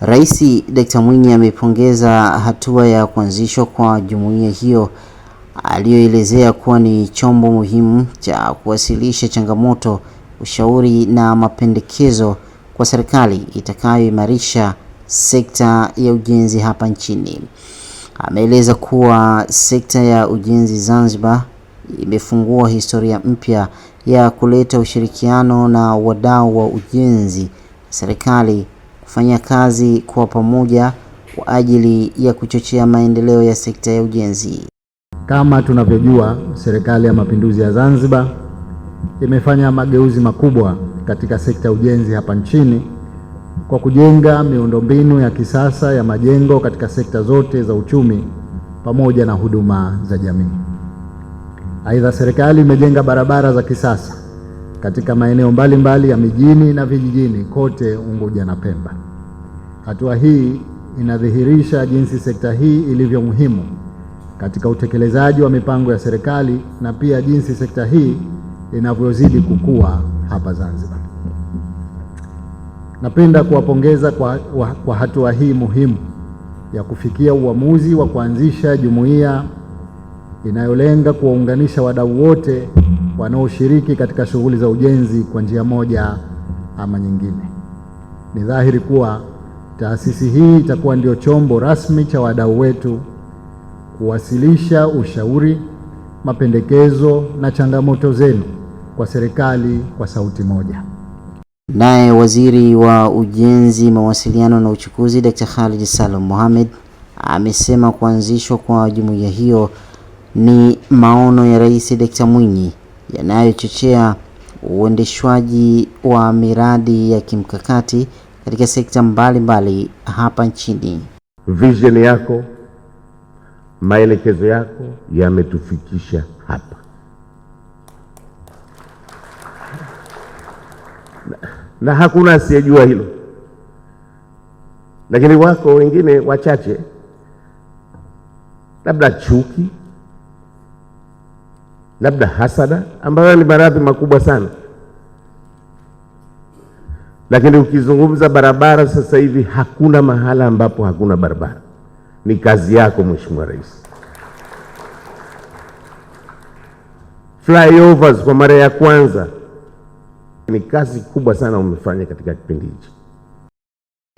Rais Dr. Mwinyi amepongeza hatua ya kuanzishwa kwa jumuiya hiyo aliyoelezea kuwa ni chombo muhimu cha kuwasilisha changamoto, ushauri na mapendekezo kwa serikali itakayoimarisha sekta ya ujenzi hapa nchini. Ameeleza kuwa sekta ya ujenzi Zanzibar imefungua historia mpya ya kuleta ushirikiano na wadau wa ujenzi, serikali kufanya kazi kwa pamoja kwa ajili ya kuchochea maendeleo ya sekta ya ujenzi. Kama tunavyojua, Serikali ya Mapinduzi ya Zanzibar imefanya mageuzi makubwa katika sekta ya ujenzi hapa nchini kwa kujenga miundombinu ya kisasa ya majengo katika sekta zote za uchumi pamoja na huduma za jamii. Aidha, serikali imejenga barabara za kisasa katika maeneo mbalimbali ya mijini na vijijini kote Unguja na Pemba. Hatua hii inadhihirisha jinsi sekta hii ilivyo muhimu katika utekelezaji wa mipango ya serikali na pia jinsi sekta hii inavyozidi kukua hapa Zanzibar. Napenda kuwapongeza kwa, kwa hatua hii muhimu ya kufikia uamuzi wa kuanzisha jumuiya inayolenga kuwaunganisha wadau wote wanaoshiriki katika shughuli za ujenzi kwa njia moja ama nyingine. Ni dhahiri kuwa taasisi hii itakuwa ndio chombo rasmi cha wadau wetu kuwasilisha ushauri, mapendekezo na changamoto zenu kwa serikali kwa sauti moja. Naye Waziri wa Ujenzi, Mawasiliano na Uchukuzi, Dr. Khalid Salum Mohamed amesema kuanzishwa kwa jumuiya hiyo ni maono ya Rais Dr. Mwinyi yanayochochea uendeshwaji wa miradi ya kimkakati katika sekta mbalimbali mbali hapa nchini. Vision yako, maelekezo yako yametufikisha hapa. Na, na hakuna asiyejua hilo, lakini wako wengine wachache labda chuki labda hasada, ambayo ni maradhi makubwa sana. Lakini ukizungumza barabara sasa hivi, hakuna mahala ambapo hakuna barabara. Ni kazi yako Mheshimiwa Rais. Flyovers kwa mara ya kwanza, ni kazi kubwa sana umefanya katika kipindi hichi.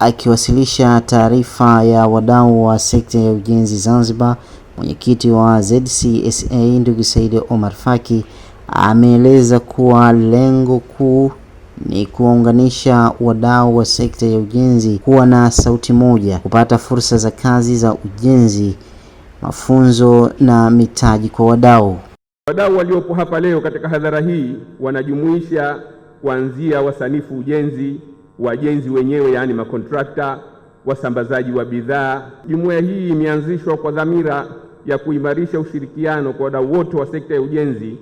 Akiwasilisha taarifa ya wadau wa sekta ya ujenzi Zanzibar Mwenyekiti wa ZCSA ndugu Said Omar Faki ameeleza kuwa lengo kuu ni kuwaunganisha wadau wa sekta ya ujenzi kuwa na sauti moja, kupata fursa za kazi za ujenzi, mafunzo na mitaji kwa wadau. Wadau waliopo hapa leo katika hadhara hii wanajumuisha kuanzia wasanifu ujenzi, wajenzi wenyewe yaani makontrakta, wasambazaji wa bidhaa. Jumuiya hii imeanzishwa kwa dhamira ya kuimarisha ushirikiano kwa wadau wote wa sekta ya ujenzi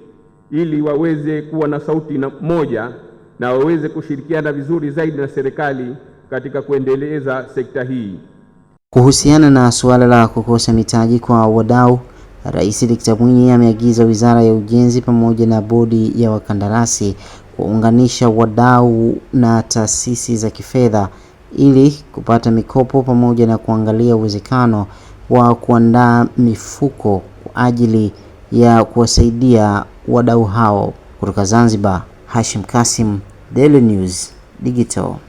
ili waweze kuwa na sauti na moja na waweze kushirikiana vizuri zaidi na serikali katika kuendeleza sekta hii. Kuhusiana na suala la kukosa mitaji kwa wadau, Rais Dr. Mwinyi ameagiza Wizara ya Ujenzi pamoja na Bodi ya Wakandarasi kuunganisha wadau na taasisi za kifedha ili kupata mikopo pamoja na kuangalia uwezekano wa kuandaa mifuko kwa ajili ya kuwasaidia wadau hao. Kutoka Zanzibar, Hashim Kasim, Daily News Digital.